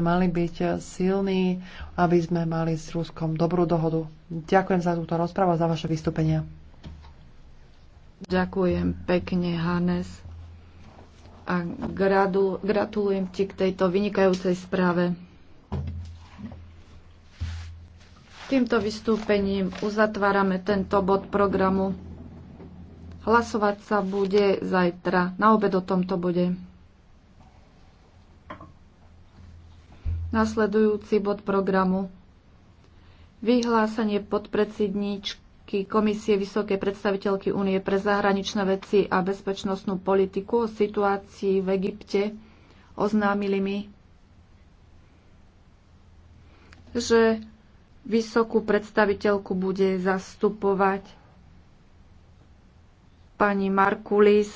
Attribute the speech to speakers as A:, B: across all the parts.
A: mali byť eh, silní, aby sme mali s Ruskom dobrú dohodu. Ďakujem za túto rozprávu a za vaše vystúpenia.
B: Ďakujem pekne, Hannes. A gratulujem ti k tejto vynikajúcej správe. Týmto vystúpením uzatvárame tento bod programu. Hlasovať sa bude zajtra na obed o tomto bode. Nasledujúci bod programu. Vyhlásenie podpredsedníčky Komisie Vysokej predstaviteľky Únie pre zahraničné veci a bezpečnostnú politiku o situácii v Egypte oznámili mi, že vysokú predstaviteľku bude zastupovať pani Markulis,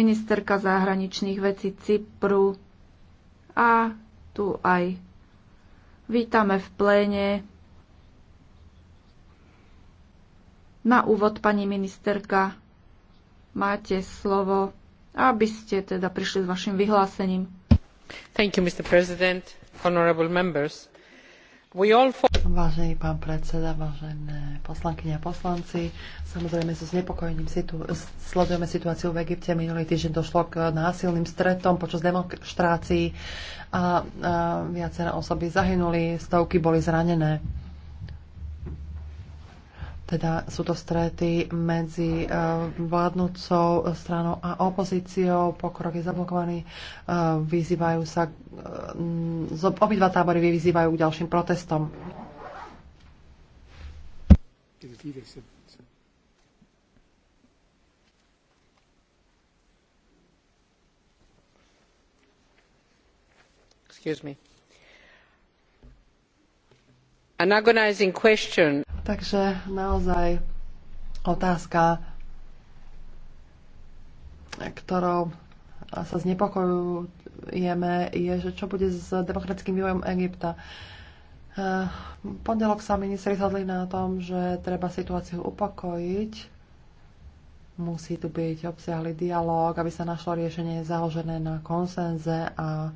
B: ministerka zahraničných vecí Cypru a tu aj vítame v pléne Na úvod, pani ministerka, máte slovo, aby ste teda prišli s vašim vyhlásením. Thank you, Mr.
A: President,
C: honorable members.
A: Vážený pán predseda, vážené poslankyne a poslanci, samozrejme so znepokojením situ- sledujeme situáciu v Egypte. Minulý týždeň došlo k násilným stretom počas demonstrácií a, a viaceré osoby zahynuli, stovky boli zranené. Teda sú to strety medzi e, vládnúcou stranou a opozíciou, pokrok je zablokovaný, e, vyzývajú sa, e, obidva tábory vyzývajú k ďalším protestom. Excuse me. An agonizing question Takže naozaj otázka, ktorou sa znepokojujeme, je, že čo bude s demokratickým vývojom Egypta. Eh, pondelok sa ministri zhodli na tom, že treba situáciu upokojiť, musí tu byť obsiahly dialog, aby sa našlo riešenie založené na konsenze a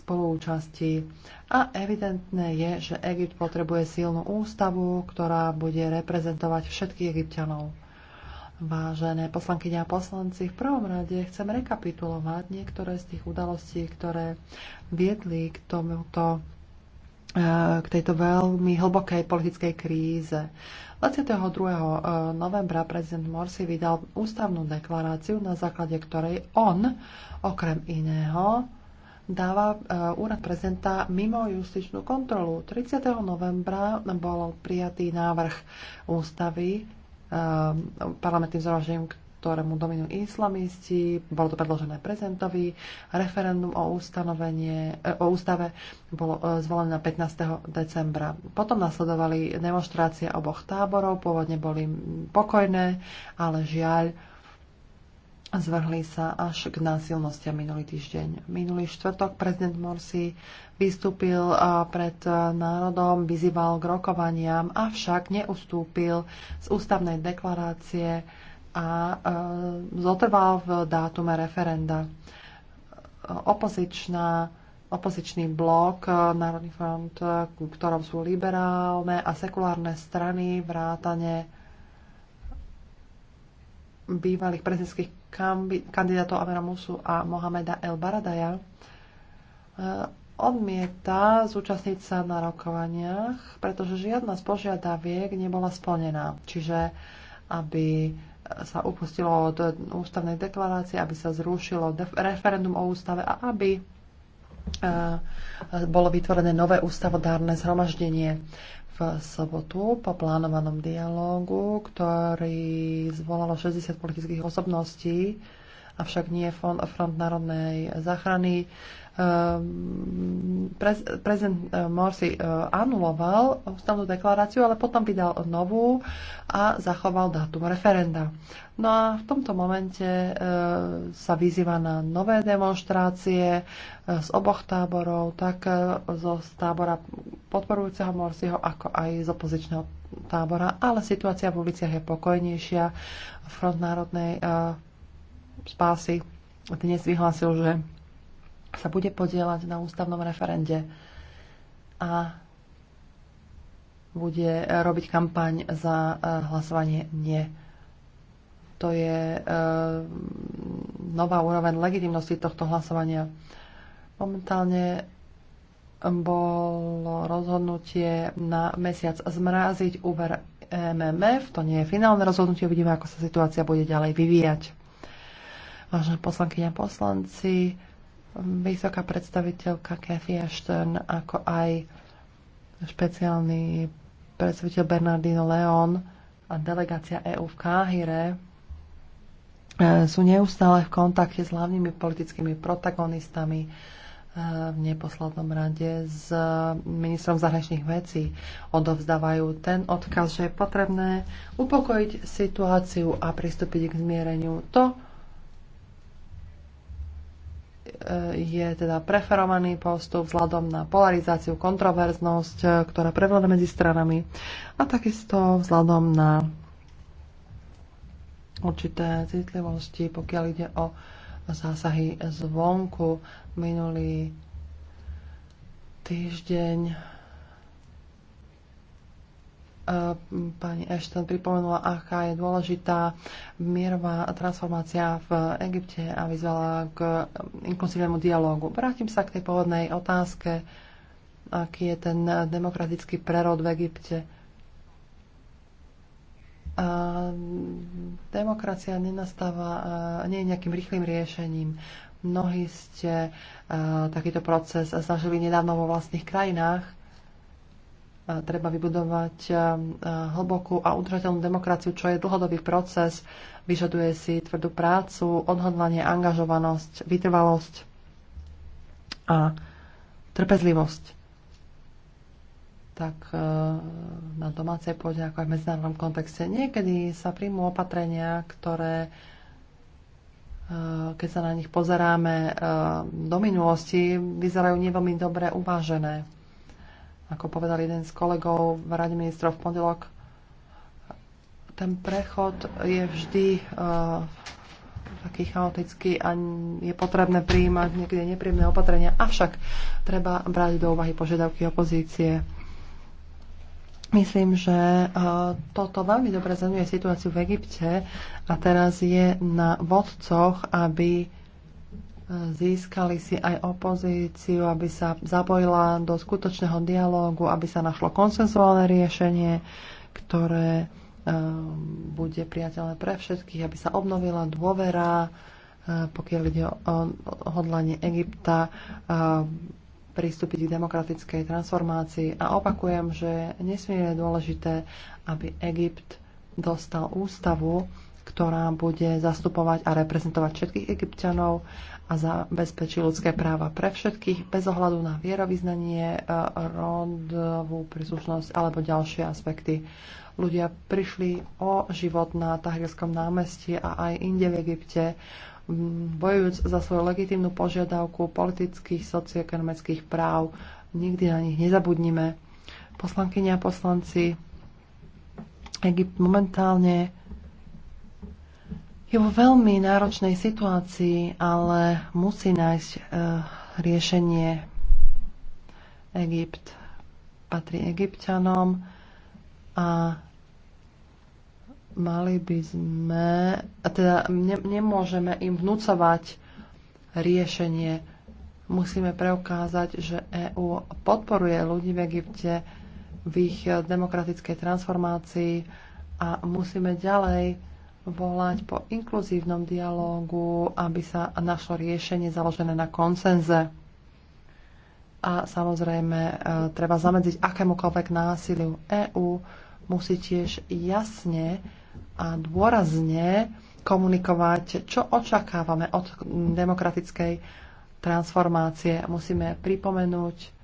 A: spoluúčasti. A evidentné je, že Egypt potrebuje silnú ústavu, ktorá bude reprezentovať všetkých egyptianov. Vážené poslanky a poslanci, v prvom rade chcem rekapitulovať niektoré z tých udalostí, ktoré viedli k tomuto e, k tejto veľmi hlbokej politickej kríze. 22. E, novembra prezident Morsi vydal ústavnú deklaráciu, na základe ktorej on, okrem iného, dáva e, úrad prezidenta mimo justičnú kontrolu. 30. novembra bol prijatý návrh ústavy e, parlamentným zhromaždením, ktorému dominujú islamisti. Bolo to predložené prezidentovi, Referendum o, ustanovenie, e, o ústave bolo zvolené 15. decembra. Potom nasledovali demonstrácie oboch táborov. Pôvodne boli pokojné, ale žiaľ zvrhli sa až k násilnostiam minulý týždeň. Minulý štvrtok prezident Morsi vystúpil pred národom, vyzýval k rokovaniam, avšak neustúpil z ústavnej deklarácie a zotrval v dátume referenda. Opozičná, opozičný blok Národný front, ku ktorom sú liberálne a sekulárne strany, vrátane bývalých prezidentských kandidátov Avera Musu a Mohameda El Baradaja, e, odmieta zúčastniť sa na rokovaniach, pretože žiadna z požiadaviek nebola splnená. Čiže aby sa upustilo od ústavnej deklarácie, aby sa zrušilo referendum o ústave a aby E, e, bolo vytvorené nové ústavodárne zhromaždenie v sobotu po plánovanom dialógu, ktorý zvolalo 60 politických osobností, avšak nie Front národnej záchrany, Ehm, prezident eh, Morsi eh, anuloval ústavnú deklaráciu, ale potom vydal novú a zachoval dátum referenda. No a v tomto momente eh, sa vyzýva na nové demonstrácie z oboch táborov, tak zo tábora podporujúceho Morsiho, ako aj z opozičného tábora, ale situácia v uliciach je pokojnejšia. Front národnej spásy dnes vyhlásil, že sa bude podielať na ústavnom referende a bude robiť kampaň za e, hlasovanie nie. To je e, nová úroveň legitimnosti tohto hlasovania. Momentálne bolo rozhodnutie na mesiac zmraziť úver MMF. To nie je finálne rozhodnutie, uvidíme, ako sa situácia bude ďalej vyvíjať. Vážené poslankyňa a poslanci, vysoká predstaviteľka Cathy Ashton, ako aj špeciálny predstaviteľ Bernardino Leon a delegácia EÚ v Káhire e, sú neustále v kontakte s hlavnými politickými protagonistami e, v neposlednom rade s ministrom zahraničných vecí. Odovzdávajú ten odkaz, že je potrebné upokojiť situáciu a pristúpiť k zmiereniu. To, je teda preferovaný postup vzhľadom na polarizáciu, kontroverznosť, e, ktorá prevláda medzi stranami a takisto vzhľadom na určité citlivosti, pokiaľ ide o zásahy zvonku. Minulý týždeň E, pani Ashton pripomenula, aká je dôležitá mierová transformácia v Egypte a vyzvala k inkluzívnemu dialógu. Vrátim sa k tej pôvodnej otázke, aký je ten demokratický prerod v Egypte. A demokracia nenastáva, e, nie je nejakým rýchlým riešením. Mnohí ste e, takýto proces zažili nedávno vo vlastných krajinách treba vybudovať hlbokú a udržateľnú demokraciu, čo je dlhodobý proces, vyžaduje si tvrdú prácu, odhodlanie, angažovanosť, vytrvalosť a trpezlivosť. Tak e, na domácej pôde, ako aj v medzinárodnom kontexte, niekedy sa príjmú opatrenia, ktoré e, keď sa na nich pozeráme e, do minulosti, vyzerajú neveľmi dobre uvážené ako povedal jeden z kolegov v Rade ministrov v pondelok, ten prechod je vždy uh, taký chaotický a je potrebné prijímať niekde nepríjemné opatrenia, avšak treba brať do úvahy požiadavky opozície. Myslím, že eh, toto veľmi dobre zhrnuje situáciu v Egypte a teraz je na vodcoch, aby získali si aj opozíciu, aby sa zapojila do skutočného dialógu, aby sa našlo konsenzuálne riešenie, ktoré eh, bude priateľné pre všetkých, aby sa obnovila dôvera, eh, pokiaľ ide o hodlanie Egypta eh, pristúpiť k demokratickej transformácii. A opakujem, že nesmierne dôležité, aby Egypt dostal ústavu, ktorá bude zastupovať a reprezentovať všetkých egyptianov a zabezpečí ľudské práva pre všetkých bez ohľadu na vierovýznanie, e, rodovú príslušnosť alebo ďalšie aspekty. Ľudia prišli o život na Tahrirskom námestí a aj inde v Egypte, bojujúc za svoju legitímnu požiadavku politických, socioekonomických práv. Nikdy na nich nezabudnime. Poslankyne a poslanci, Egypt momentálne je vo veľmi náročnej situácii, ale musí nájsť e, riešenie. Egypt patrí egyptianom a mali by sme, a teda ne, nemôžeme im vnúcovať riešenie. Musíme preukázať, že EÚ podporuje ľudí v Egypte v ich demokratickej transformácii a musíme ďalej volať po inkluzívnom dialógu, aby sa našlo riešenie založené na konsenze. A samozrejme, e, treba zamedziť akémukoľvek násiliu. EÚ musí tiež jasne a dôrazne komunikovať, čo očakávame od demokratickej transformácie. Musíme pripomenúť,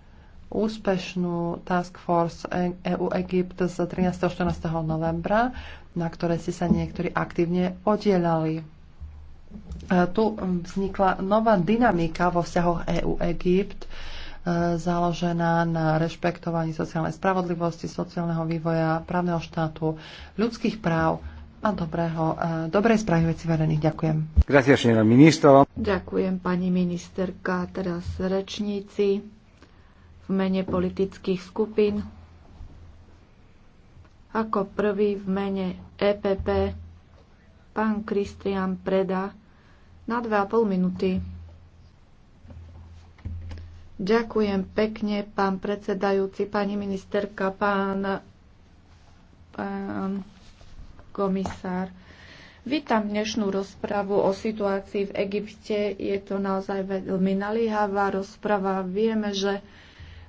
A: úspešnú Task Force EU Egypt z 13. a 14. novembra na ktoré ste sa niektorí aktívne podielali. E, tu vznikla nová dynamika vo vzťahoch EU-Egypt, e, založená na rešpektovaní sociálnej spravodlivosti, sociálneho vývoja, právneho štátu, ľudských práv a dobrého, e, dobrej správy veci verejných. Ďakujem. Ďakujem, pani ministerka. Teraz rečníci
B: v mene politických skupín. Ako prvý v mene EPP pán Kristian Preda na 2,5 minúty. Ďakujem pekne, pán predsedajúci, pani ministerka, pán, pán komisár. Vítam dnešnú rozpravu o situácii v Egypte. Je to naozaj veľmi nalíhavá rozprava. Vieme, že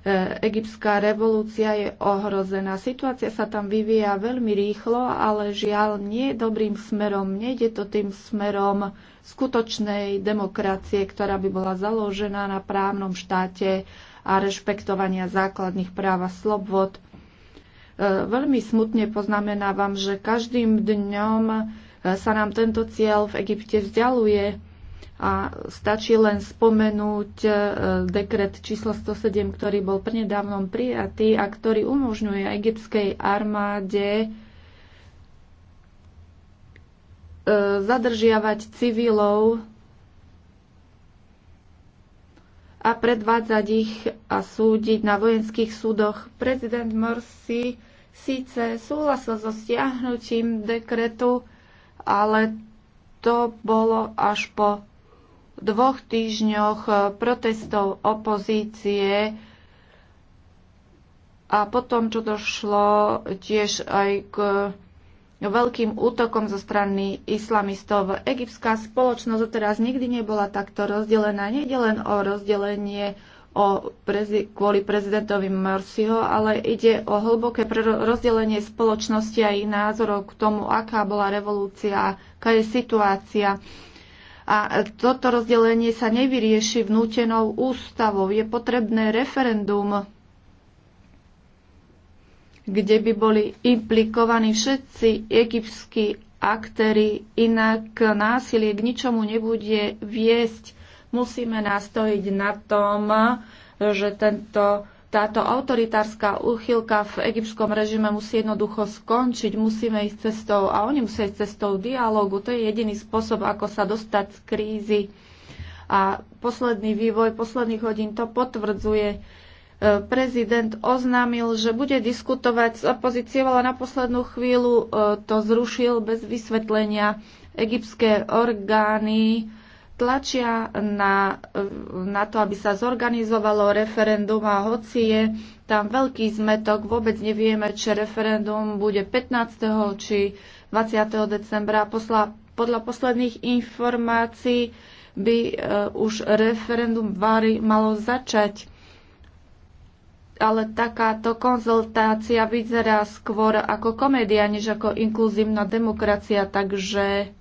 B: E, egyptská revolúcia je ohrozená. Situácia sa tam vyvíja veľmi rýchlo, ale žiaľ nie dobrým smerom. Nejde to tým smerom skutočnej demokracie, ktorá by bola založená na právnom štáte a rešpektovania základných práv a slobod. E, veľmi smutne poznamenávam, že každým dňom e, sa nám tento cieľ v Egypte vzdialuje a stačí len spomenúť e, dekret číslo 107, ktorý bol prednedávnom prijatý a ktorý umožňuje egyptskej armáde e, zadržiavať civilov a predvádzať ich a súdiť na vojenských súdoch. Prezident Morsi síce súhlasil so stiahnutím dekretu, ale to bolo až po dvoch týždňoch eh, protestov opozície a potom, čo došlo tiež aj k veľkým útokom zo strany islamistov. Egyptská spoločnosť teraz nikdy nebola takto rozdelená. Nejde len o rozdelenie o prezi- kvôli prezidentovi Morsiho, ale ide o hlboké rozdelenie spoločnosti a ich názorov k tomu, aká bola revolúcia, aká je situácia. A toto rozdelenie sa nevyrieši vnútenou ústavou. Je potrebné referendum, kde by boli implikovaní všetci egyptskí aktéry, inak násilie k ničomu nebude viesť. Musíme nastojiť na tom, že tento táto autoritárska úchylka v egyptskom režime musí jednoducho skončiť. Musíme ísť cestou, a oni musia ísť cestou dialógu. To je jediný spôsob, ako sa dostať z krízy. A posledný vývoj posledných hodín to potvrdzuje e, prezident oznámil, že bude diskutovať s opozíciou, ale na poslednú chvíľu e, to zrušil bez vysvetlenia. Egyptské orgány tlačia na, na to, aby sa zorganizovalo referendum a hoci je tam veľký zmetok, vôbec nevieme, či referendum bude 15. či 20. decembra. Posla, podľa posledných informácií by uh, už referendum Vary malo začať. Ale takáto konzultácia vyzerá skôr ako komédia, než ako inkluzívna demokracia, takže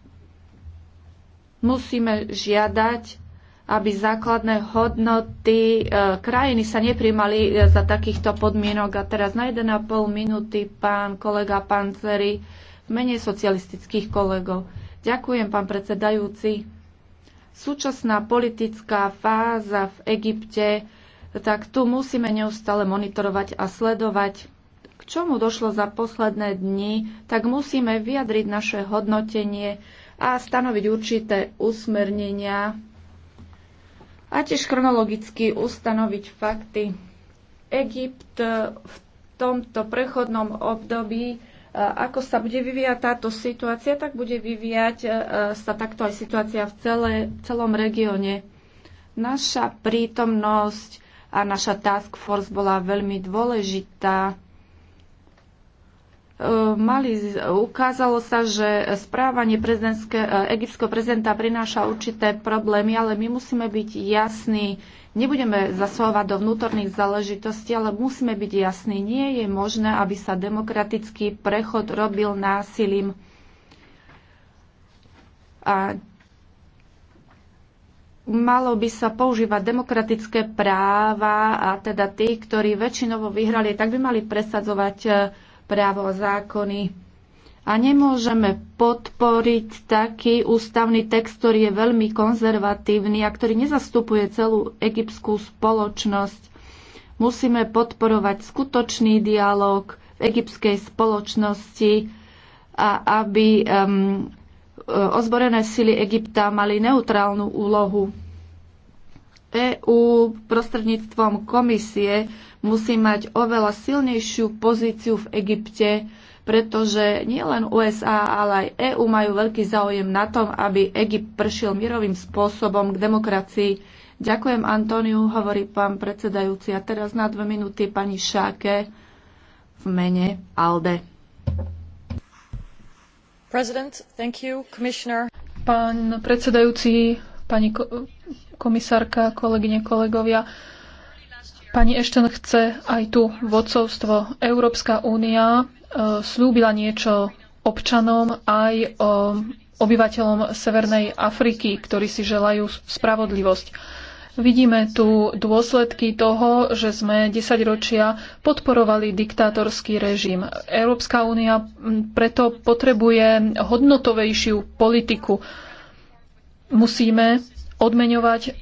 B: Musíme žiadať, aby základné hodnoty e, krajiny sa neprimali e, za takýchto podmienok. A teraz na 1,5 minúty pán kolega Panceri v mene socialistických kolegov. Ďakujem, pán predsedajúci. Súčasná politická fáza v Egypte, tak tu musíme neustále monitorovať a sledovať, k čomu došlo za posledné dni, tak musíme vyjadriť naše hodnotenie a stanoviť určité usmernenia a tiež chronologicky ustanoviť fakty. Egypt v tomto prechodnom období, e, ako sa bude vyvíjať táto situácia, tak bude vyvíjať e, sa takto aj situácia v celé, celom regióne. Naša prítomnosť a naša task force bola veľmi dôležitá mali, ukázalo sa, že správanie e, egyptského prezidenta prináša určité problémy, ale my musíme byť jasní. Nebudeme zasahovať do vnútorných záležitostí, ale musíme byť jasní. Nie je možné, aby sa demokratický prechod robil násilím. A malo by sa používať demokratické práva a teda tí, ktorí väčšinovo vyhrali, tak by mali presadzovať e, právo a zákony. A nemôžeme podporiť taký ústavný text, ktorý je veľmi konzervatívny a ktorý nezastupuje celú egyptskú spoločnosť. Musíme podporovať skutočný dialog v egyptskej spoločnosti a aby um, e, ozborené sily Egypta mali neutrálnu úlohu. EÚ prostredníctvom komisie musí mať oveľa silnejšiu pozíciu v Egypte, pretože nielen USA, ale aj EÚ majú veľký záujem na tom, aby Egypt pršil mirovým spôsobom k demokracii. Ďakujem Antoniu, hovorí pán predsedajúci. A teraz na dve minúty pani Šáke v mene ALDE.
D: President, thank you, Pán predsedajúci, pani komisárka, kolegyne, kolegovia. Pani Ešten chce aj tu vodcovstvo. Európska únia e, slúbila niečo občanom aj e, obyvateľom Severnej Afriky, ktorí si želajú spravodlivosť. Vidíme tu dôsledky toho, že sme 10 ročia podporovali diktátorský režim. Európska únia preto potrebuje hodnotovejšiu politiku. Musíme odmeňovať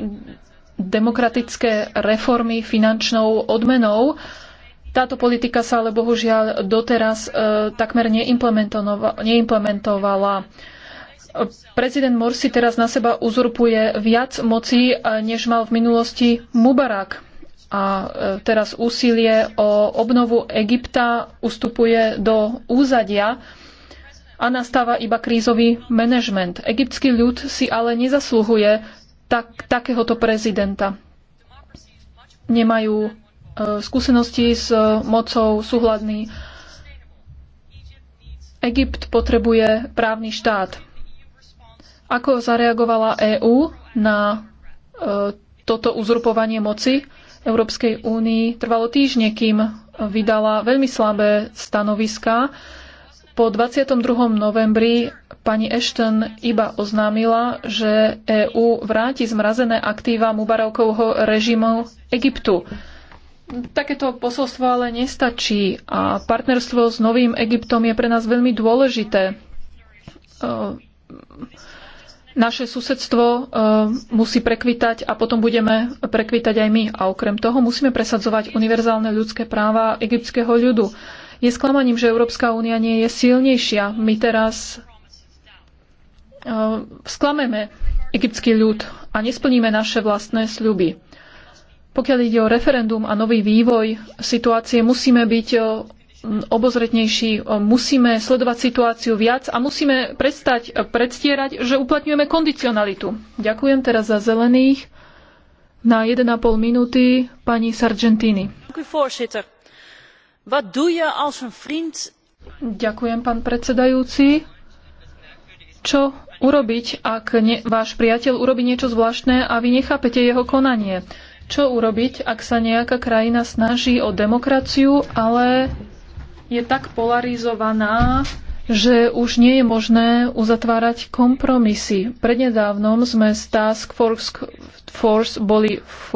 D: demokratické reformy finančnou odmenou. Táto politika sa ale bohužiaľ doteraz e, takmer neimplementovala. Prezident Morsi teraz na seba uzurpuje viac moci, e, než mal v minulosti Mubarak. A e, teraz úsilie o obnovu Egypta ustupuje do úzadia a nastáva iba krízový manažment. Egyptský ľud si ale nezaslúhuje tak, takéhoto prezidenta. Nemajú e, skúsenosti s mocou súhľadný. Egypt potrebuje právny štát. Ako zareagovala EÚ na e, toto uzurpovanie moci Európskej únii? Trvalo týždne, kým vydala veľmi slabé stanoviská po 22. novembri pani Ashton iba oznámila, že EÚ vráti zmrazené aktíva Mubarakovho režimu Egyptu. Takéto posolstvo ale nestačí a partnerstvo s Novým Egyptom je pre nás veľmi dôležité. E, naše susedstvo e, musí prekvitať a potom budeme prekvitať aj my. A okrem toho musíme presadzovať univerzálne ľudské práva egyptského ľudu. Je sklamaním, že Európska únia nie je silnejšia. My teraz eh, sklameme egyptský ľud a nesplníme naše vlastné sľuby. Pokiaľ ide o referendum a nový vývoj situácie, musíme byť eh, obozretnejší, eh, musíme sledovať situáciu viac a musíme prestať predstierať, že uplatňujeme kondicionalitu. Ďakujem teraz za zelených. Na 1,5 minúty pani Sargentini als een vriend... Ďakujem, pán predsedajúci. Čo urobiť, ak ne, váš priateľ urobí niečo zvláštne a vy nechápete jeho konanie? Čo urobiť, ak sa nejaká krajina snaží o demokraciu, ale je tak polarizovaná, že už nie je možné uzatvárať kompromisy. Prednedávnom sme z Task Force, Force boli v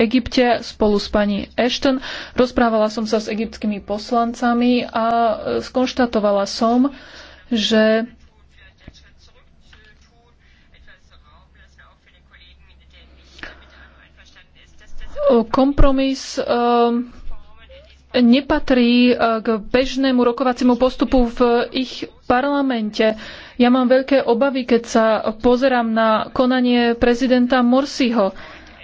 D: Egypte spolu s pani Ashton. Rozprávala som sa s egyptskými poslancami a e, skonštatovala som, že kompromis um, nepatrí eh, k bežnému rokovaciemu postupu v ich parlamente. Ja mám veľké obavy, keď sa pozerám na konanie prezidenta Morsiho.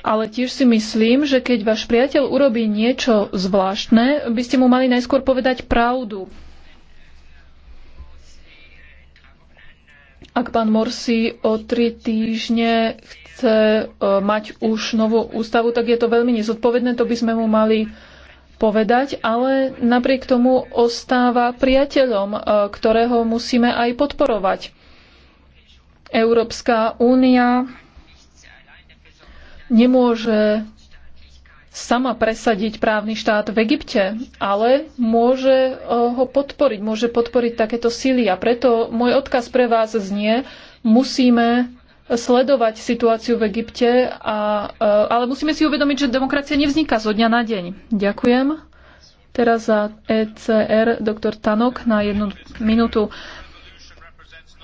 D: Ale tiež si myslím, že keď váš priateľ urobí niečo zvláštne, by ste mu mali najskôr povedať pravdu. Ak pán Morsi o tri týždne chce eh, mať už novú ústavu, tak je to veľmi nezodpovedné. To by sme mu mali povedať, ale napriek tomu ostáva priateľom, e, ktorého musíme aj podporovať. Európska únia nemôže sama presadiť právny štát v Egypte, ale môže e, ho podporiť, môže podporiť takéto síly. A preto môj odkaz pre vás znie, musíme sledovať situáciu v Egypte, a, e, ale musíme si uvedomiť, že demokracia nevzniká zo dňa na deň. Ďakujem. Teraz za ECR doktor Tanok na jednu minútu.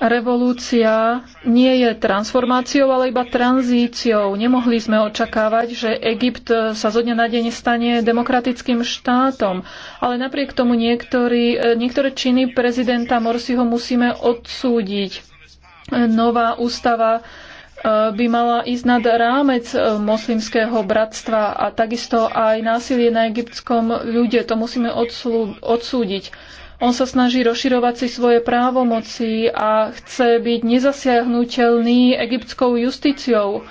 D: Revolúcia nie je transformáciou, ale iba tranzíciou. Nemohli sme očakávať, že Egypt sa zo dňa na deň stane demokratickým štátom. Ale napriek tomu niektorí, e, niektoré činy prezidenta Morsiho musíme odsúdiť nová ústava e, by mala ísť nad rámec e, moslimského bratstva a takisto aj násilie na egyptskom ľude. To musíme odsúdiť. On sa snaží rozširovať si svoje právomoci a chce byť nezasiahnutelný egyptskou justíciou.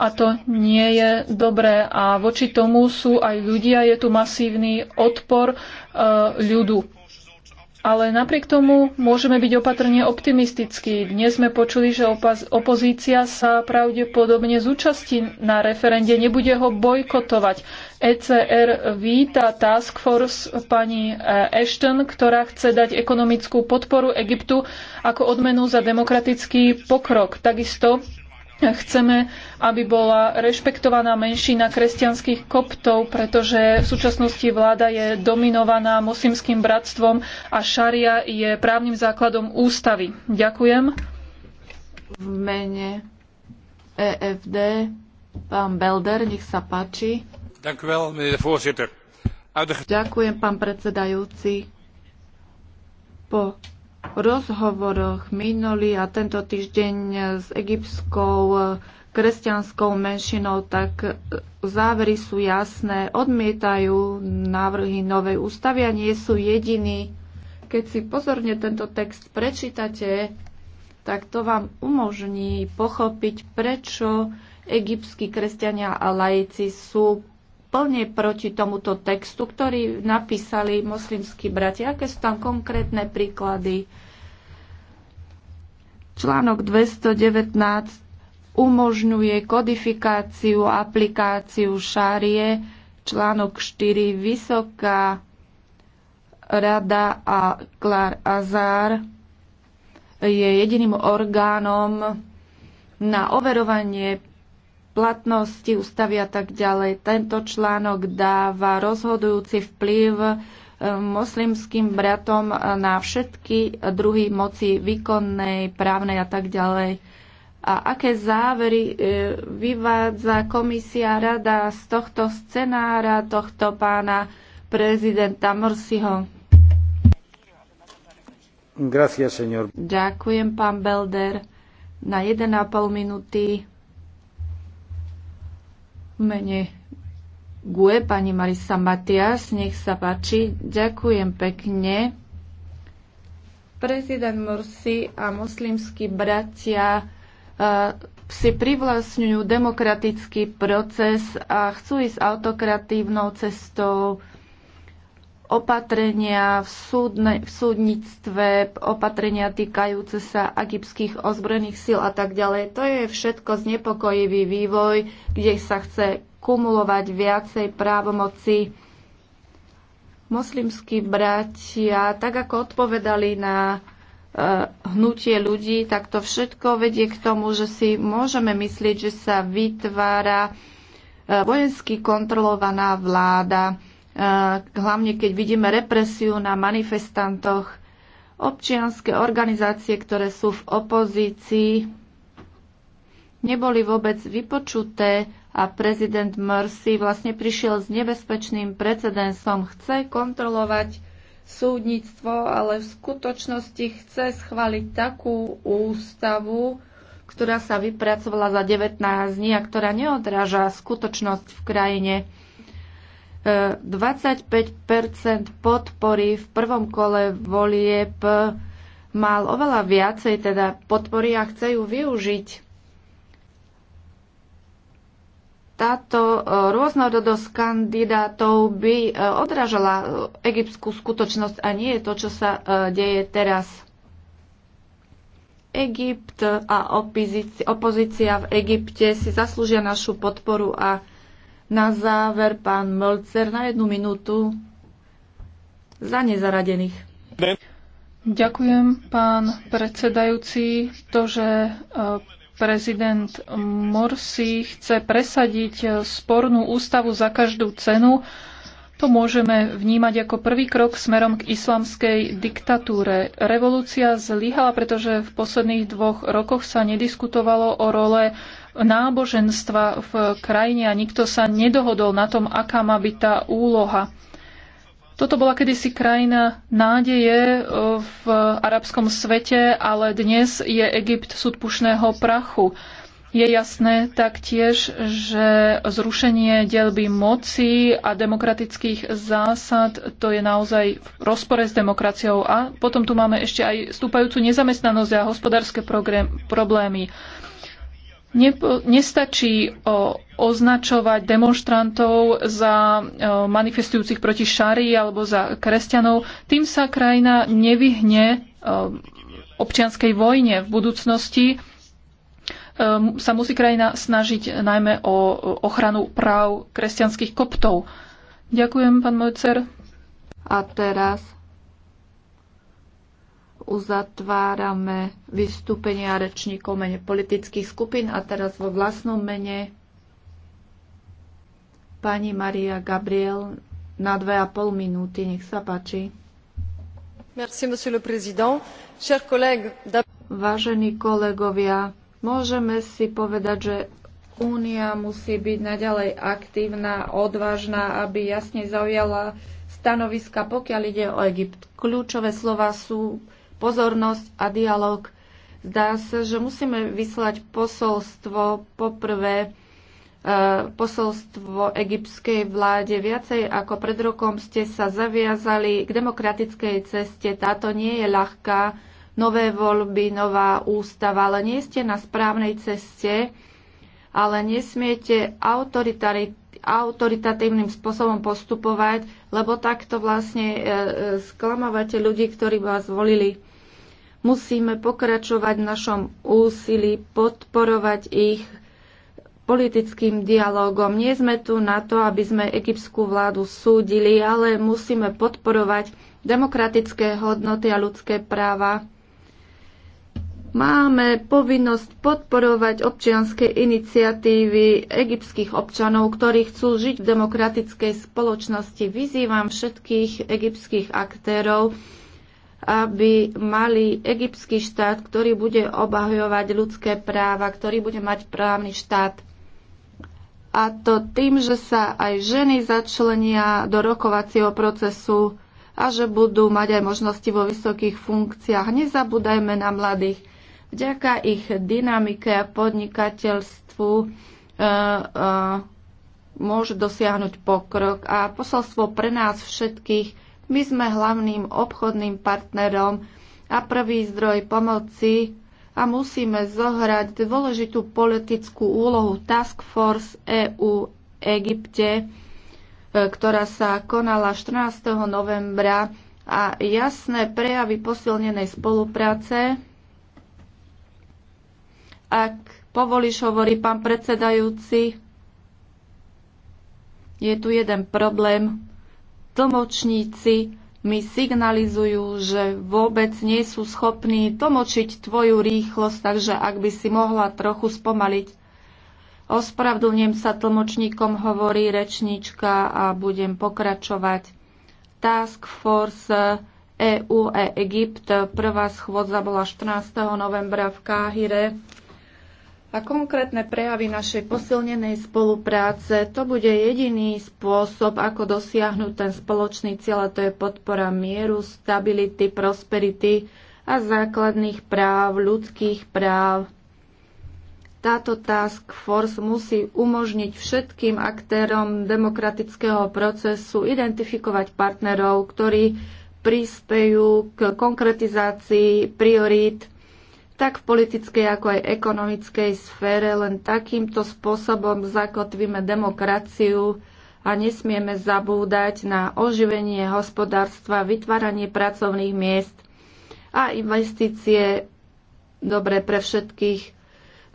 D: A to nie je dobré. A voči tomu sú aj ľudia, je tu masívny odpor e, ľudu. Ale napriek tomu môžeme byť opatrne optimistickí. Dnes sme počuli, že opozícia sa pravdepodobne zúčastí na referende, nebude ho bojkotovať. ECR víta Task Force pani eh, Ashton, ktorá chce dať ekonomickú podporu Egyptu ako odmenu za demokratický pokrok. Takisto Chceme, aby bola rešpektovaná menšina kresťanských koptov, pretože v súčasnosti vláda je dominovaná moslimským bratstvom a šaria je právnym základom ústavy. Ďakujem. V mene EFD pán Belder, nech sa páči.
B: Ďakujem, pán predsedajúci. Po rozhovoroch minulý a tento týždeň s egyptskou e, kresťanskou menšinou, tak e, závery sú jasné, odmietajú návrhy novej ústavy a nie sú jediní. Keď si pozorne tento text prečítate, tak to vám umožní pochopiť, prečo egyptskí kresťania a laici sú plne proti tomuto textu, ktorý napísali moslimskí bratia. Aké sú tam konkrétne príklady? Článok 219 umožňuje kodifikáciu aplikáciu šárie. Článok 4 Vysoká rada a Klar Azár je jediným orgánom na overovanie platnosti ústavy a tak ďalej. Tento článok dáva rozhodujúci vplyv moslimským bratom na všetky druhy moci výkonnej, právnej a tak ďalej. A aké závery e, vyvádza komisia rada z tohto scenára tohto pána prezidenta Morsiho?
E: Gracias, señor.
B: Ďakujem, pán Belder. Na 1,5 minúty menej. GUE, pani Marisa Matias, nech sa páči. Ďakujem pekne. Prezident Morsi a moslimskí bratia eh, si privlastňujú demokratický proces a chcú ísť autokratívnou cestou opatrenia v, súdne, v súdnictve, opatrenia týkajúce sa egyptských ozbrojených síl a tak ďalej. To je všetko znepokojivý vývoj, kde sa chce kumulovať viacej právomoci. Moslimskí bratia, tak ako odpovedali na e, hnutie ľudí, tak to všetko vedie k tomu, že si môžeme myslieť, že sa vytvára e, vojensky kontrolovaná vláda, e, hlavne keď vidíme represiu na manifestantoch, občianské organizácie, ktoré sú v opozícii, neboli vôbec vypočuté a prezident Mercy vlastne prišiel s nebezpečným precedensom. Chce kontrolovať súdnictvo, ale v skutočnosti chce schváliť takú ústavu, ktorá sa vypracovala za 19 dní a ktorá neodráža skutočnosť v krajine. 25 e, podpory v prvom kole volieb mal oveľa viacej teda podpory a chce ju využiť Táto e, rôznorodosť kandidátov by e, odrážala e, egyptskú skutočnosť a nie je to, čo sa deje teraz. Egypt a opozícia v Egypte si zaslúžia našu podporu a na záver pán Mölcer na jednu minútu
D: za nezaradených. Ďakujem, pán predsedajúci. To, že prezident Morsi chce presadiť spornú ústavu za každú cenu, to môžeme vnímať ako prvý krok smerom k islamskej diktatúre. Revolúcia zlyhala, pretože v posledných dvoch rokoch sa nediskutovalo o role náboženstva v krajine a nikto sa nedohodol na tom, aká má byť tá úloha. Toto bola kedysi krajina nádeje e, v arabskom svete, ale dnes je Egypt súd pušného prachu. Je jasné taktiež, že zrušenie delby moci a demokratických zásad to je naozaj v rozpore s demokraciou. A potom tu máme ešte aj stúpajúcu nezamestnanosť a hospodárske problémy. Nepo, nestačí o, označovať demonstrantov za o, manifestujúcich proti šari alebo za kresťanov. Tým sa krajina nevyhne o, občianskej vojne v budúcnosti. O, e, sa musí krajina snažiť najmä o ochranu práv kresťanských koptov. Ďakujem, pán Mojcer. A teraz
B: uzatvárame vystúpenia rečníkov mene politických skupín a teraz vo vlastnom mene pani Maria Gabriel na dve a pol minúty. Nech sa páči. Merci, monsieur le président. Chers collègues, Vážení kolegovia, môžeme si povedať, že Únia musí byť naďalej aktívna, odvážna, aby jasne zaujala stanoviska, pokiaľ ide o Egypt. Kľúčové slova sú pozornosť a dialog. Zdá sa, že musíme vyslať posolstvo poprvé e, posolstvo egyptskej vláde. Viacej ako pred rokom ste sa zaviazali k demokratickej ceste. Táto nie je ľahká. Nové voľby, nová ústava, ale nie ste na správnej ceste, ale nesmiete autoritatívnym spôsobom postupovať, lebo takto vlastne e, e, sklamávate ľudí, ktorí vás volili. Musíme pokračovať v našom úsilí, podporovať ich politickým dialogom. Nie sme tu na to, aby sme egyptskú vládu súdili, ale musíme podporovať demokratické hodnoty a ľudské práva. Máme povinnosť podporovať občianske iniciatívy egyptských občanov, ktorí chcú žiť v demokratickej spoločnosti. Vyzývam všetkých egyptských aktérov, aby mali egyptský štát, ktorý bude obahojovať ľudské práva, ktorý bude mať právny štát. A to tým, že sa aj ženy začlenia do rokovacieho procesu a že budú mať aj možnosti vo vysokých funkciách. Nezabúdajme na mladých. Vďaka ich dynamike a podnikateľstvu e, e, môžu dosiahnuť pokrok. A posolstvo pre nás všetkých my sme hlavným obchodným partnerom a prvý zdroj pomoci a musíme zohrať dôležitú politickú úlohu Task Force EU Egypte, e, ktorá sa konala 14. novembra a jasné prejavy posilnenej spolupráce. Ak povolíš, hovorí pán predsedajúci, je tu jeden problém. Tlmočníci mi signalizujú, že vôbec nie sú schopní tlmočiť tvoju rýchlosť, takže ak by si mohla trochu spomaliť. Ospravdujem sa tlmočníkom, hovorí rečníčka a budem pokračovať. Task Force EU e Egypt. Prvá schôdza bola 14. novembra v Káhire a konkrétne prejavy našej posilnenej spolupráce. To bude jediný spôsob, ako dosiahnuť ten spoločný cieľ, a to je podpora mieru, stability, prosperity a základných práv, ľudských práv. Táto task force musí umožniť všetkým aktérom demokratického procesu identifikovať partnerov, ktorí prispejú k konkretizácii priorít tak v politickej ako aj ekonomickej sfére. Len takýmto spôsobom zakotvíme demokraciu a nesmieme zabúdať na oživenie hospodárstva, vytváranie pracovných miest a investície dobre pre všetkých.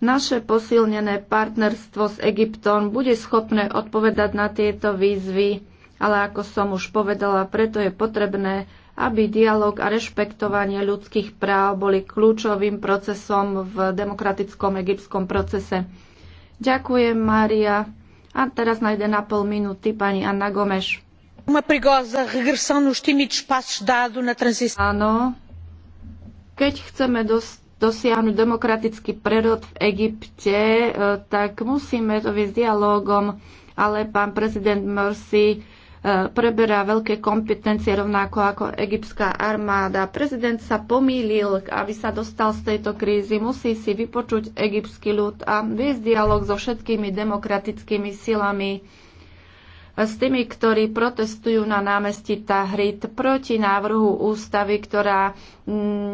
B: Naše posilnené partnerstvo s Egyptom bude schopné odpovedať na tieto výzvy, ale ako som už povedala, preto je potrebné aby dialog a rešpektovanie ľudských práv boli kľúčovým procesom v demokratickom egyptskom procese. Ďakujem, Mária. A teraz na 1,5 minúty pani Anna Gomeš. Áno, keď chceme dos- dosiahnuť demokratický prerod v Egypte, eh, tak musíme to viesť dialogom, ale pán prezident Morsi preberá veľké kompetencie rovnako ako egyptská armáda. Prezident sa pomýlil, aby sa dostal z tejto krízy, musí si vypočuť egyptský ľud a viesť dialog so všetkými demokratickými silami s tými, ktorí protestujú na námestí Tahrid proti návrhu ústavy, ktorá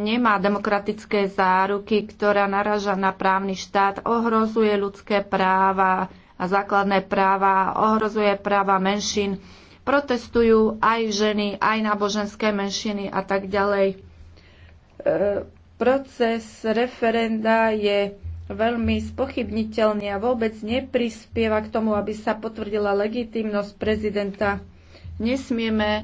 B: nemá demokratické záruky, ktorá naraža na právny štát, ohrozuje ľudské práva a základné práva, ohrozuje práva menšín protestujú aj ženy, aj náboženské menšiny a tak ďalej. E, proces referenda je veľmi spochybniteľný a vôbec neprispieva k tomu, aby sa potvrdila legitimnosť prezidenta. Nesmieme e,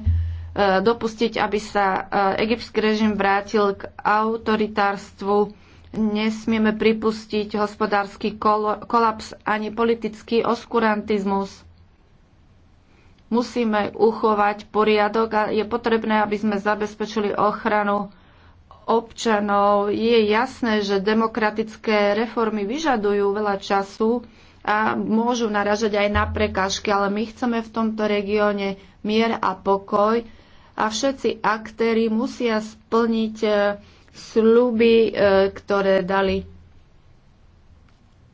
B: dopustiť, aby sa e, egyptský režim vrátil k autoritárstvu. Nesmieme pripustiť hospodársky kolaps ani politický oskurantizmus. Musíme uchovať poriadok a je potrebné, aby sme zabezpečili ochranu občanov. Je jasné, že demokratické reformy vyžadujú veľa času a môžu naražať aj na prekážky, ale my chceme v tomto regióne mier a pokoj a všetci aktéry musia splniť e, sľuby, e, ktoré dali.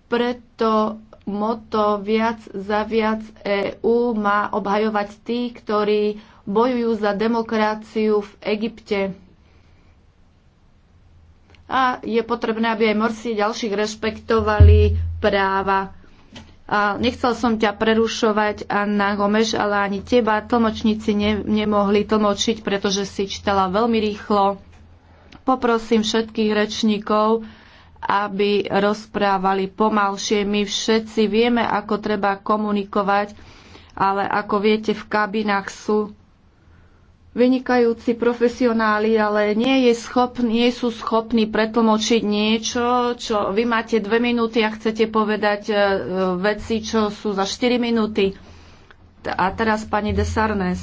B: Preto moto viac za viac EÚ má obhajovať tí, ktorí bojujú za demokraciu v Egypte. A je potrebné, aby aj Morsi ďalších rešpektovali práva. A nechcel som ťa prerušovať, Anna Gomeš, ale ani teba tlmočníci ne, nemohli tlmočiť, pretože si čítala veľmi rýchlo. Poprosím všetkých rečníkov, aby rozprávali pomalšie. My všetci vieme, ako treba komunikovať, ale ako viete, v kabinách sú vynikajúci profesionáli, ale nie, je schopný, nie sú schopní pretlmočiť niečo, čo vy máte dve minúty a chcete povedať e, veci, čo sú za 4 minúty. A teraz pani Desarnes.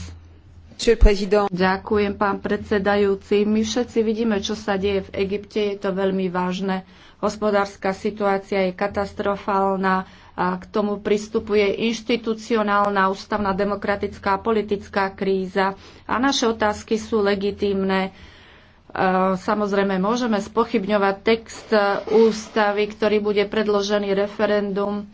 B: Ďakujem, pán predsedajúci. My všetci vidíme, čo sa deje v Egypte. Je to veľmi vážne. Hospodárska situácia je katastrofálna a k tomu pristupuje inštitucionálna, ústavná, demokratická, politická kríza. A naše otázky sú legitímne. E, samozrejme, môžeme spochybňovať text e, ústavy, ktorý bude predložený referendum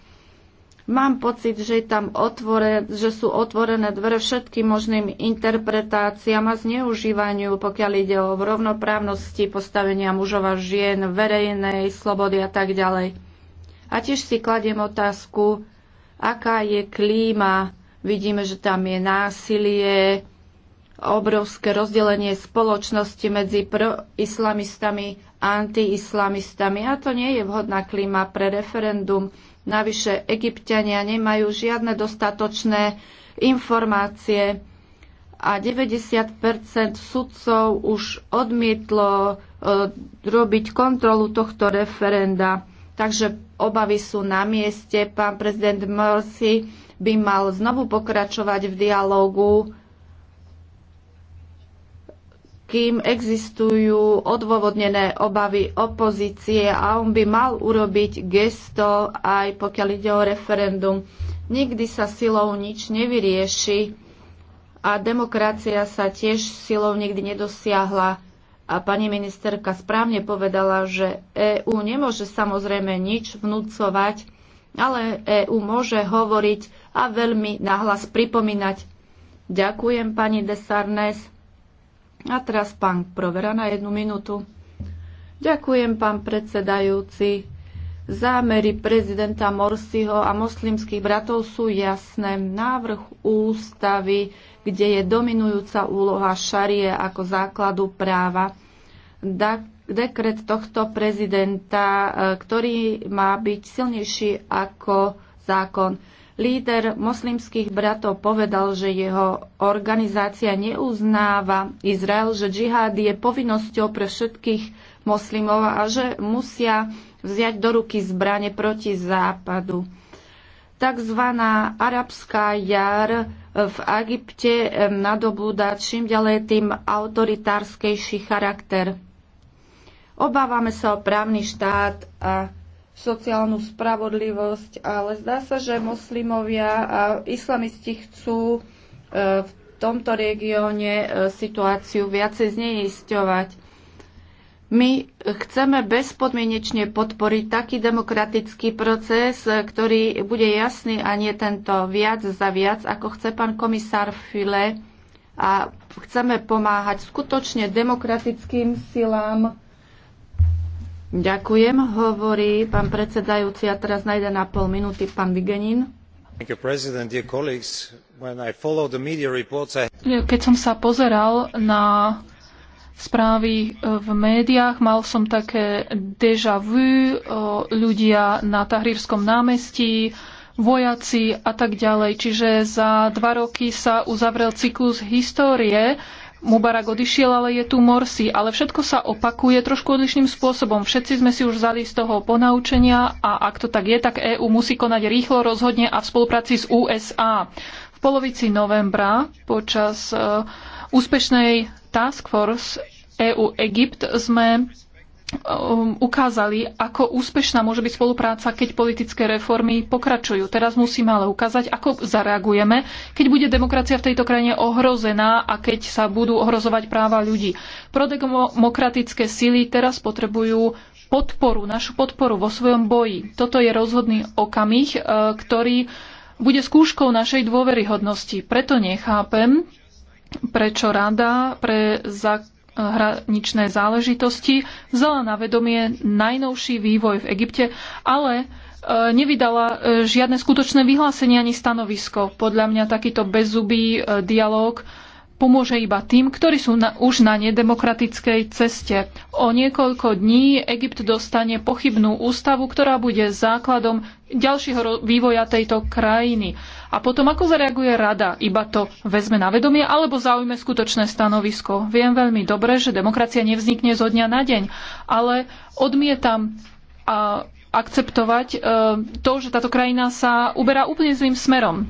B: Mám pocit, že, tam otvore, že sú otvorené dvere všetkým možným interpretáciám a zneužívaniu, pokiaľ ide o rovnoprávnosti postavenia mužov a žien, verejnej slobody a tak ďalej. A tiež si kladiem otázku, aká je klíma. Vidíme, že tam je násilie, obrovské rozdelenie spoločnosti medzi proislamistami a antiislamistami. A to nie je vhodná klíma pre referendum. Navyše egyptiania nemajú žiadne dostatočné informácie a 90 sudcov už odmietlo e, robiť kontrolu tohto referenda. Takže obavy sú na mieste. Pán prezident Morsi by mal znovu pokračovať v dialógu kým existujú odôvodnené obavy opozície a on by mal urobiť gesto aj pokiaľ ide o referendum. Nikdy sa silou nič nevyrieši a demokracia sa tiež silou nikdy nedosiahla. A pani ministerka správne povedala, že EÚ nemôže samozrejme nič vnúcovať, ale EÚ môže hovoriť a veľmi nahlas pripomínať. Ďakujem pani Desarnes a teraz pán Provera na jednu minútu. Ďakujem, pán predsedajúci. Zámery prezidenta Morsiho a moslimských bratov sú jasné. Návrh ústavy, kde je dominujúca úloha šarie ako základu práva. dekret tohto prezidenta, e, ktorý má byť silnejší ako zákon. Líder moslimských bratov povedal, že jeho organizácia neuznáva Izrael, že džihad je povinnosťou pre všetkých moslimov a že musia vziať do ruky zbrane proti západu. Takzvaná arabská jar v Egypte nadobúda čím ďalej tým autoritárskejší charakter. Obávame sa o právny štát a sociálnu spravodlivosť, ale zdá sa, že moslimovia a islamisti chcú e, v tomto regióne e, situáciu viacej zneisťovať. My chceme bezpodmienečne podporiť taký demokratický proces, ktorý bude jasný a nie tento viac za viac, ako chce pán komisár File. A chceme pomáhať skutočne demokratickým silám, Ďakujem, hovorí pán predsedajúci a teraz na 1,5 minúty pán
D: Vigenin. Keď som sa pozeral na správy e, v médiách, mal som také deja vu, e, ľudia na Tahrírskom námestí, vojaci a tak ďalej. Čiže za dva roky sa uzavrel cyklus histórie, Mubarak odišiel, ale je tu Morsi. Ale všetko sa opakuje trošku odlišným spôsobom. Všetci sme si už vzali z toho ponaučenia a ak to tak je, tak EÚ musí konať rýchlo, rozhodne a v spolupráci s USA. V polovici novembra počas e, úspešnej Task Force EU Egypt sme Um, ukázali, ako úspešná môže byť spolupráca, keď politické reformy pokračujú. Teraz musíme ale ukázať, ako zareagujeme, keď bude demokracia v tejto krajine ohrozená a keď sa budú ohrozovať práva ľudí. Prodemokratické síly teraz potrebujú podporu, našu podporu vo svojom boji. Toto je rozhodný okamih, e, ktorý bude skúškou našej dôveryhodnosti. Preto nechápem, prečo rada pre zak hraničné záležitosti, vzala na vedomie najnovší vývoj v Egypte, ale e, nevydala e, žiadne skutočné vyhlásenie ani stanovisko. Podľa mňa takýto bezzubý e, dialog pomôže iba tým, ktorí sú na, už na nedemokratickej ceste. O niekoľko dní Egypt dostane pochybnú ústavu, ktorá bude základom ďalšieho vývoja tejto krajiny. A potom ako zareaguje rada? Iba to vezme na vedomie alebo zaujme skutočné stanovisko? Viem veľmi dobre, že demokracia nevznikne zo dňa na deň, ale odmietam a akceptovať e, to, že táto krajina sa uberá úplne zlým smerom.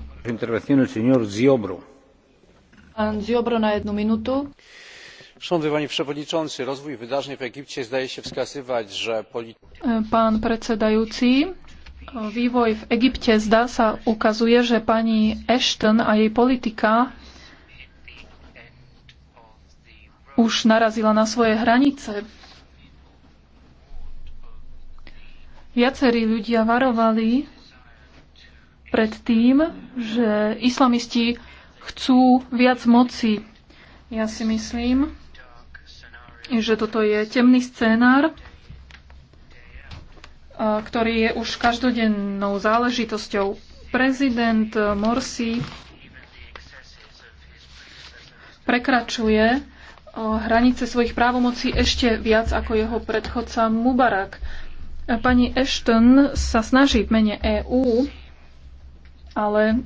D: Pán
E: Szanowny panie przewodniczący, rozwój wydarzeń w Egipcie zdaje się wskazywać, że
D: predsedajúci, vývoj v Egypte zdá sa ukazuje, že pani Ashton a jej politika už narazila na svoje hranice. Viacerí ľudia varovali pred tým, že islamisti chcú viac moci. Ja si myslím, že toto je temný scénár, ktorý je už každodennou záležitosťou. Prezident Morsi prekračuje hranice svojich právomocí ešte viac ako jeho predchodca Mubarak. Pani Ashton sa snaží v mene EÚ, ale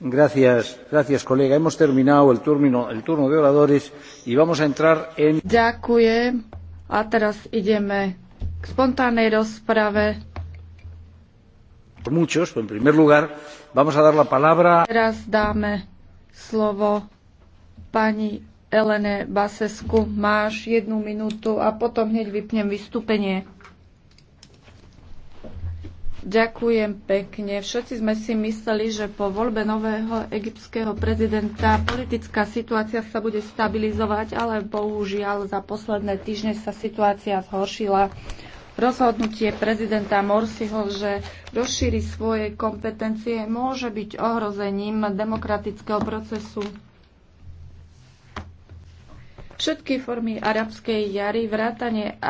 E: Gracias, gracias colega. Hemos terminado el turno, el turno de oradores y vamos a entrar en...
B: Ďakujem. A teraz ideme k spontánnej rozprave.
E: Muchos, en primer lugar, vamos a dar la palabra...
B: Teraz dáme slovo pani Elene Basesku. Máš jednu minútu a potom hneď vypnem vystúpenie. Ďakujem pekne. Všetci sme si mysleli, že po voľbe nového egyptského prezidenta politická situácia sa bude stabilizovať, ale bohužiaľ za posledné týždne sa situácia zhoršila. Rozhodnutie prezidenta Morsiho, že rozšíri svoje kompetencie, môže byť ohrozením demokratického procesu. Všetky formy arabskej jary, vrátanie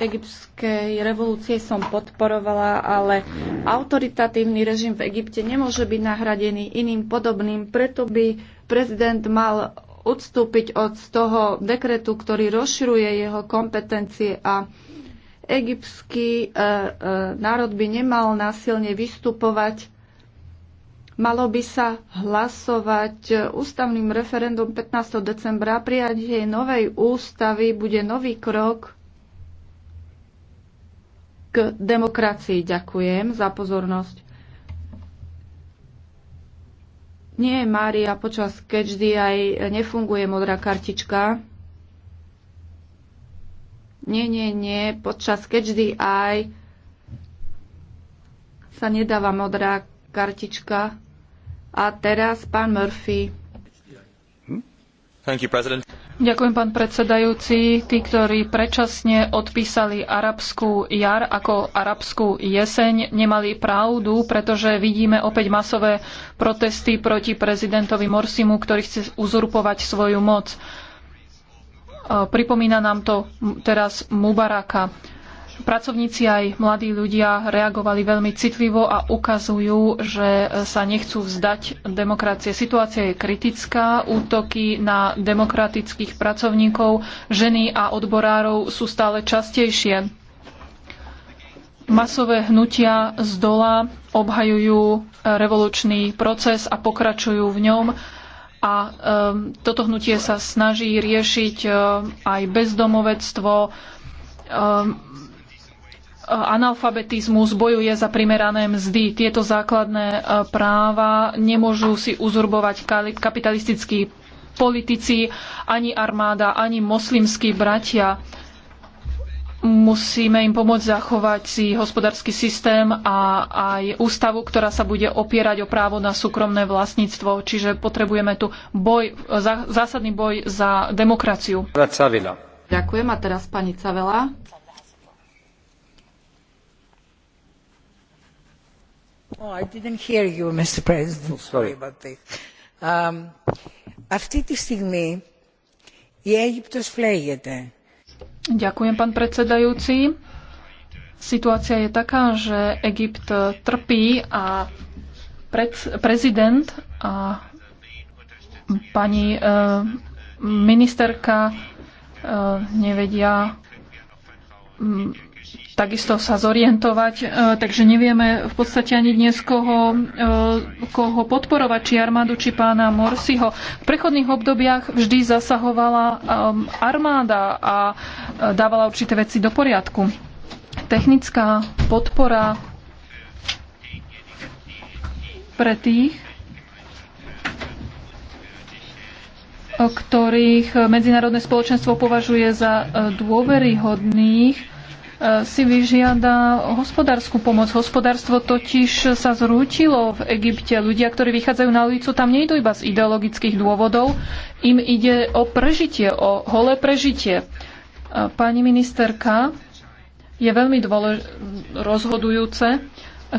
B: egyptskej revolúcie som podporovala, ale autoritatívny režim v Egypte nemôže byť nahradený iným podobným, preto by prezident mal odstúpiť od toho dekretu, ktorý rozširuje jeho kompetencie a egyptský e, e, národ by nemal násilne vystupovať Malo by sa hlasovať ústavným referendum 15. decembra. Prijatie novej ústavy bude nový krok k demokracii. Ďakujem za pozornosť. Nie, Mária, počas catch aj nefunguje modrá kartička. Nie, nie, nie, počas catch aj sa nedáva modrá kartička.
A: Hm?
D: Ďakujem, pán predsedajúci. Tí, ktorí predčasne odpísali arabskú jar ako arabskú jeseň, nemali pravdu, pretože vidíme opäť masové protesty proti prezidentovi Morsimu, ktorý chce uzurpovať svoju moc. Pripomína nám to teraz Mubaraka pracovníci aj mladí ľudia reagovali veľmi citlivo a ukazujú, že sa nechcú vzdať demokracie. Situácia je kritická, útoky na demokratických pracovníkov, ženy a odborárov sú stále častejšie. Masové hnutia z dola obhajujú revolučný proces a pokračujú v ňom. A e, toto hnutie sa snaží riešiť e, aj bezdomovectvo, E, analfabetizmus, bojuje za primerané mzdy. Tieto základné e, práva nemôžu si uzurbovať kapitalistickí politici, ani armáda, ani moslimskí bratia. Musíme im pomôcť zachovať si hospodársky systém a aj ústavu, ktorá sa bude opierať o právo na súkromné vlastníctvo. Čiže potrebujeme tu boj, zásadný boj za demokraciu. Ďakujem a teraz pani Cavela.
C: Oh, I didn't hear you, Mr. President. Oh, sorry about this. Um, αυτή τη στιγμή η Αίγυπτος φλέγεται.
D: Ďakujem, pán predsedajúci. Situácia je taká, že Egypt trpí a pred, prezident a pani e, ministerka e, nevedia mm, takisto sa zorientovať, e, takže nevieme v podstate ani dnes, koho, e, koho podporovať, či armádu, či pána Morsiho. V prechodných obdobiach vždy zasahovala e, armáda a dávala určité veci do poriadku. Technická podpora pre tých, ktorých medzinárodné spoločenstvo považuje za dôveryhodných, Eh, si vyžiada hospodárskú pomoc. Hospodárstvo totiž sa zrútilo v Egypte. Ľudia, ktorí vychádzajú na ulicu, tam nejdú iba z ideologických dôvodov. Im ide o prežitie, o holé prežitie. Eh, pani ministerka, je veľmi dôle- rozhodujúce,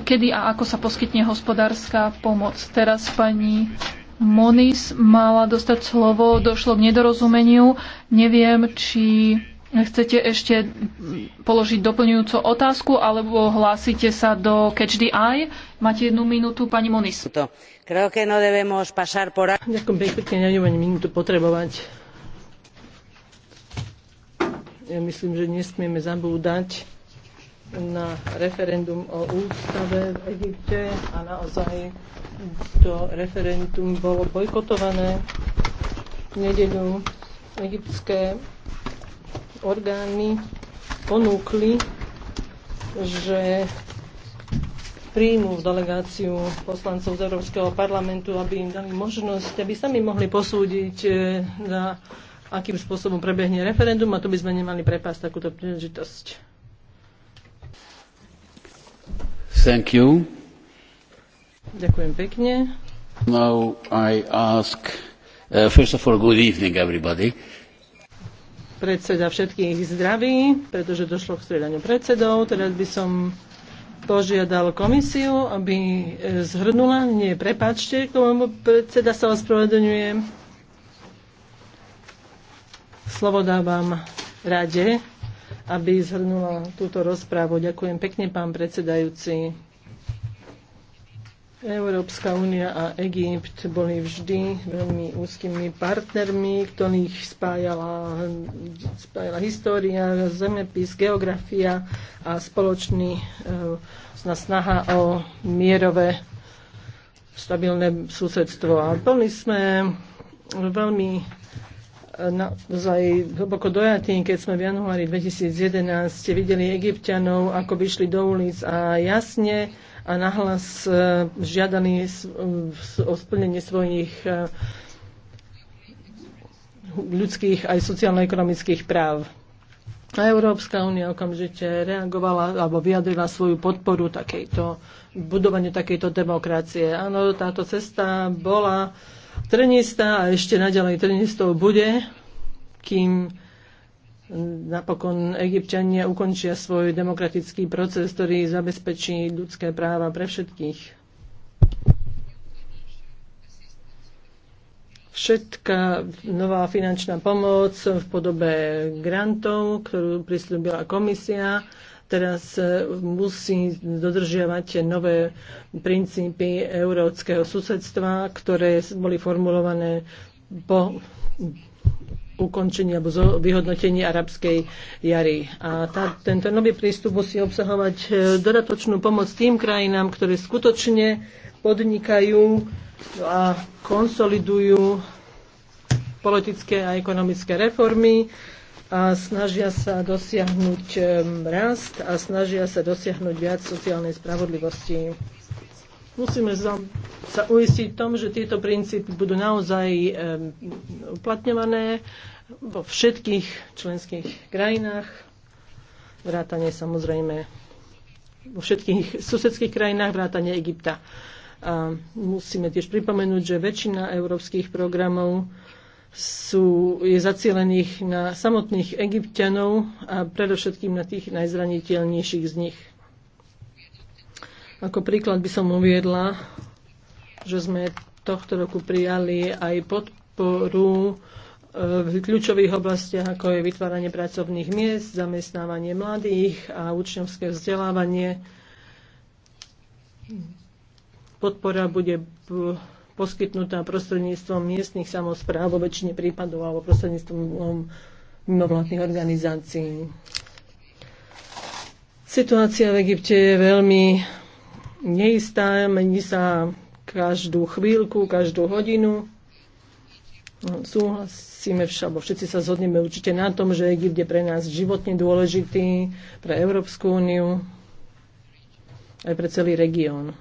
D: kedy a ako sa poskytne hospodárska pomoc. Teraz pani Monis mala dostať slovo, došlo k nedorozumeniu. Neviem, či Chcete ešte položiť doplňujúcu otázku alebo hlásite sa
C: do Catch the Eye? Máte jednu minútu, pani Monis. No Ďakujem pekne, ani minútu potrebovať. Ja myslím, že nesmieme zabúdať na referendum o ústave v Egypte a naozaj to referendum bolo bojkotované v nedeľu egyptské orgány ponúkli, že príjmu delegáciu poslancov z Európskeho parlamentu, aby im dali možnosť, aby sami mohli posúdiť, e, za akým spôsobom prebehne referendum a to by sme nemali prepásť takúto príležitosť. Thank you. Ďakujem pekne.
E: Now I ask, uh, first of all, good evening everybody
C: predseda všetkých zdraví, pretože došlo k striedaniu predsedov. Teraz by som požiadal komisiu, aby e, zhrnula. Nie, prepáčte, k tomu predseda sa ospravedlňuje. Slovo dávam rade, aby zhrnula túto rozprávu. Ďakujem pekne, pán predsedajúci. Európska únia a Egypt boli vždy veľmi úzkými partnermi, ktorých spájala, spájala história, zemepis, geografia a spoločný e, snaha o mierové stabilné susedstvo. A boli sme veľmi e, naozaj hlboko dojatí, keď sme v januári 2011 videli egyptianov, ako vyšli do ulic a jasne a nahlas e, žiadaní o splnenie svojich e, ľudských aj sociálno-ekonomických práv. A Európska únia okamžite reagovala alebo vyjadrila svoju podporu takejto, budovaniu takejto demokracie. Áno, táto cesta bola trnistá a ešte naďalej trnistou bude, kým napokon egyptiania ukončia svoj demokratický proces, ktorý zabezpečí ľudské práva pre všetkých. Všetká nová finančná pomoc v podobe grantov, ktorú prislúbila komisia, teraz e, musí dodržiavať nové princípy európskeho susedstva, ktoré boli formulované po ukončenie alebo vyhodnotenie arabskej jary. A tá, tento nový prístup musí obsahovať e, dodatočnú pomoc tým krajinám, ktoré skutočne podnikajú a konsolidujú politické a ekonomické reformy a snažia sa dosiahnuť e, rast a snažia sa dosiahnuť viac sociálnej spravodlivosti musíme sa uistiť v tom, že tieto princípy budú naozaj uplatňované vo všetkých členských krajinách, vrátane samozrejme vo všetkých susedských krajinách, vrátane Egypta. A musíme tiež pripomenúť, že väčšina európskych programov sú, je zacielených na samotných egyptianov a predovšetkým na tých najzraniteľnejších z nich. Ako príklad by som uviedla, že sme tohto roku prijali aj podporu e, v kľúčových oblastiach, ako je vytváranie pracovných miest, zamestnávanie mladých a učňovské vzdelávanie. Podpora bude poskytnutá prostredníctvom miestnych samozpráv vo väčšine prípadov alebo prostredníctvom mimovládnych organizácií. Situácia v Egypte je veľmi neistá, mení sa každú chvíľku, každú hodinu. No, súhlasíme však, všetci sa zhodneme určite na tom, že Egypt je pre nás životne dôležitý, pre Európsku úniu, aj pre celý región.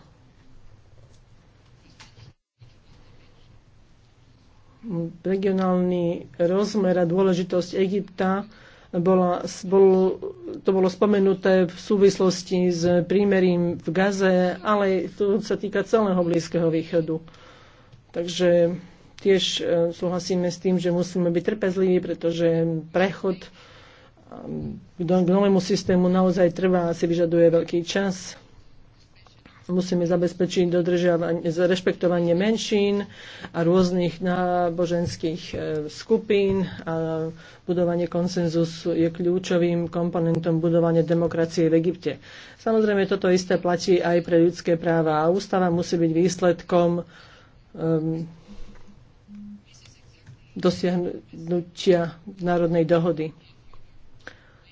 C: Regionálny rozmer a dôležitosť Egypta bola, bol, to bolo spomenuté v súvislosti s prímerím v Gaze, ale to sa týka celého Blízkeho východu. Takže tiež e, súhlasíme s tým, že musíme byť trpezliví, pretože prechod e, k novému systému naozaj trvá a si vyžaduje veľký čas musíme zabezpečiť rešpektovanie menšín a rôznych náboženských e, skupín a budovanie konsenzusu je kľúčovým komponentom budovania demokracie v Egypte. Samozrejme, toto isté platí aj pre ľudské práva a ústava musí byť výsledkom um, dosiahnutia národnej dohody.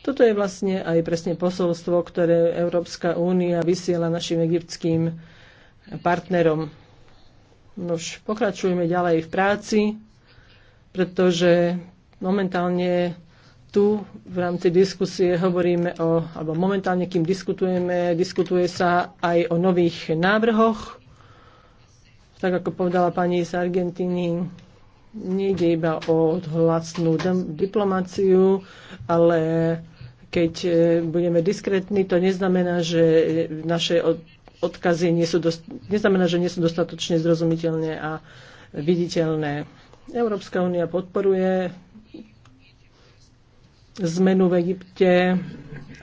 C: Toto je vlastne aj presne posolstvo, ktoré Európska únia vysiela našim egyptským partnerom. Nož, pokračujeme ďalej v práci, pretože momentálne tu v rámci diskusie hovoríme o, alebo momentálne, kým diskutujeme, diskutuje sa aj o nových návrhoch. Tak ako povedala pani z Argentíny, nejde iba o hlasnú diplomáciu, ale keď e, budeme diskrétni, to neznamená, že naše odkazy nie sú dost, neznamená, že nie sú dostatočne zrozumiteľné a viditeľné. Európska únia podporuje zmenu v Egypte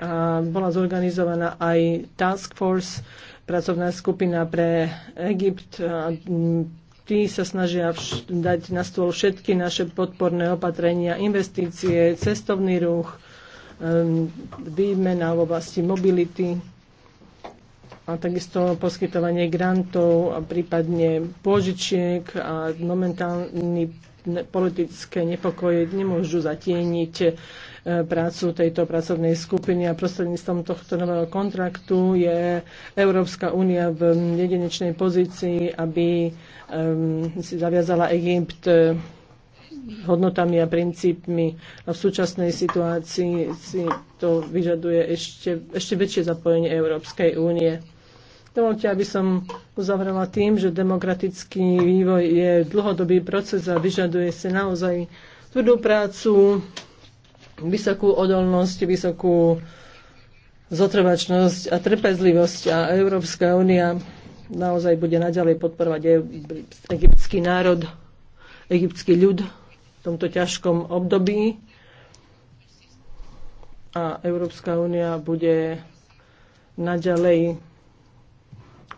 C: a bola zorganizovaná aj Task Force, pracovná skupina pre Egypt. A tí sa snažia dať na stôl všetky naše podporné opatrenia, investície, cestovný ruch, Ehm, výmena v oblasti mobility a takisto poskytovanie grantov a prípadne pôžičiek a momentálny politické nepokoje nemôžu zatieniť e, prácu tejto pracovnej skupiny a prostredníctvom tohto nového kontraktu je Európska únia v jedinečnej pozícii, aby um, si zaviazala Egypt hodnotami a princípmi. A v súčasnej situácii si to vyžaduje ešte, ešte väčšie zapojenie Európskej únie. Dovolte, aby som uzavrela tým, že demokratický vývoj je dlhodobý proces a vyžaduje si naozaj tvrdú prácu, vysokú odolnosť, vysokú zotrvačnosť a trpezlivosť a Európska únia naozaj bude naďalej podporovať egyptský národ, egyptský ľud tomto ťažkom období a Európska únia bude naďalej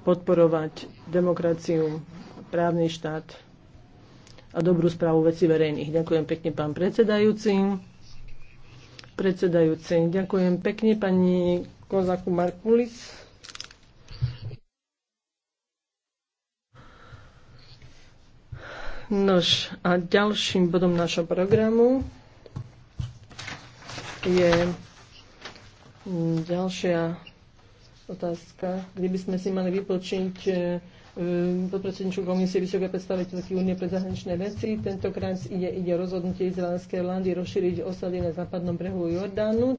C: podporovať demokraciu, právny štát a dobrú správu veci verejných. Ďakujem pekne, pán predsedajúci. Predsedajúci, ďakujem pekne, pani Kozaku Markulis. Nož a ďalším bodom našho programu je ďalšia otázka, kde by sme si mali vypočiť e, podpredsedničku komisie Vysokej predstaviteľky únie pre zahraničné veci. Tentokrát ide, ide rozhodnutie izraelskej vlády rozšíriť osady na západnom brehu Jordánu.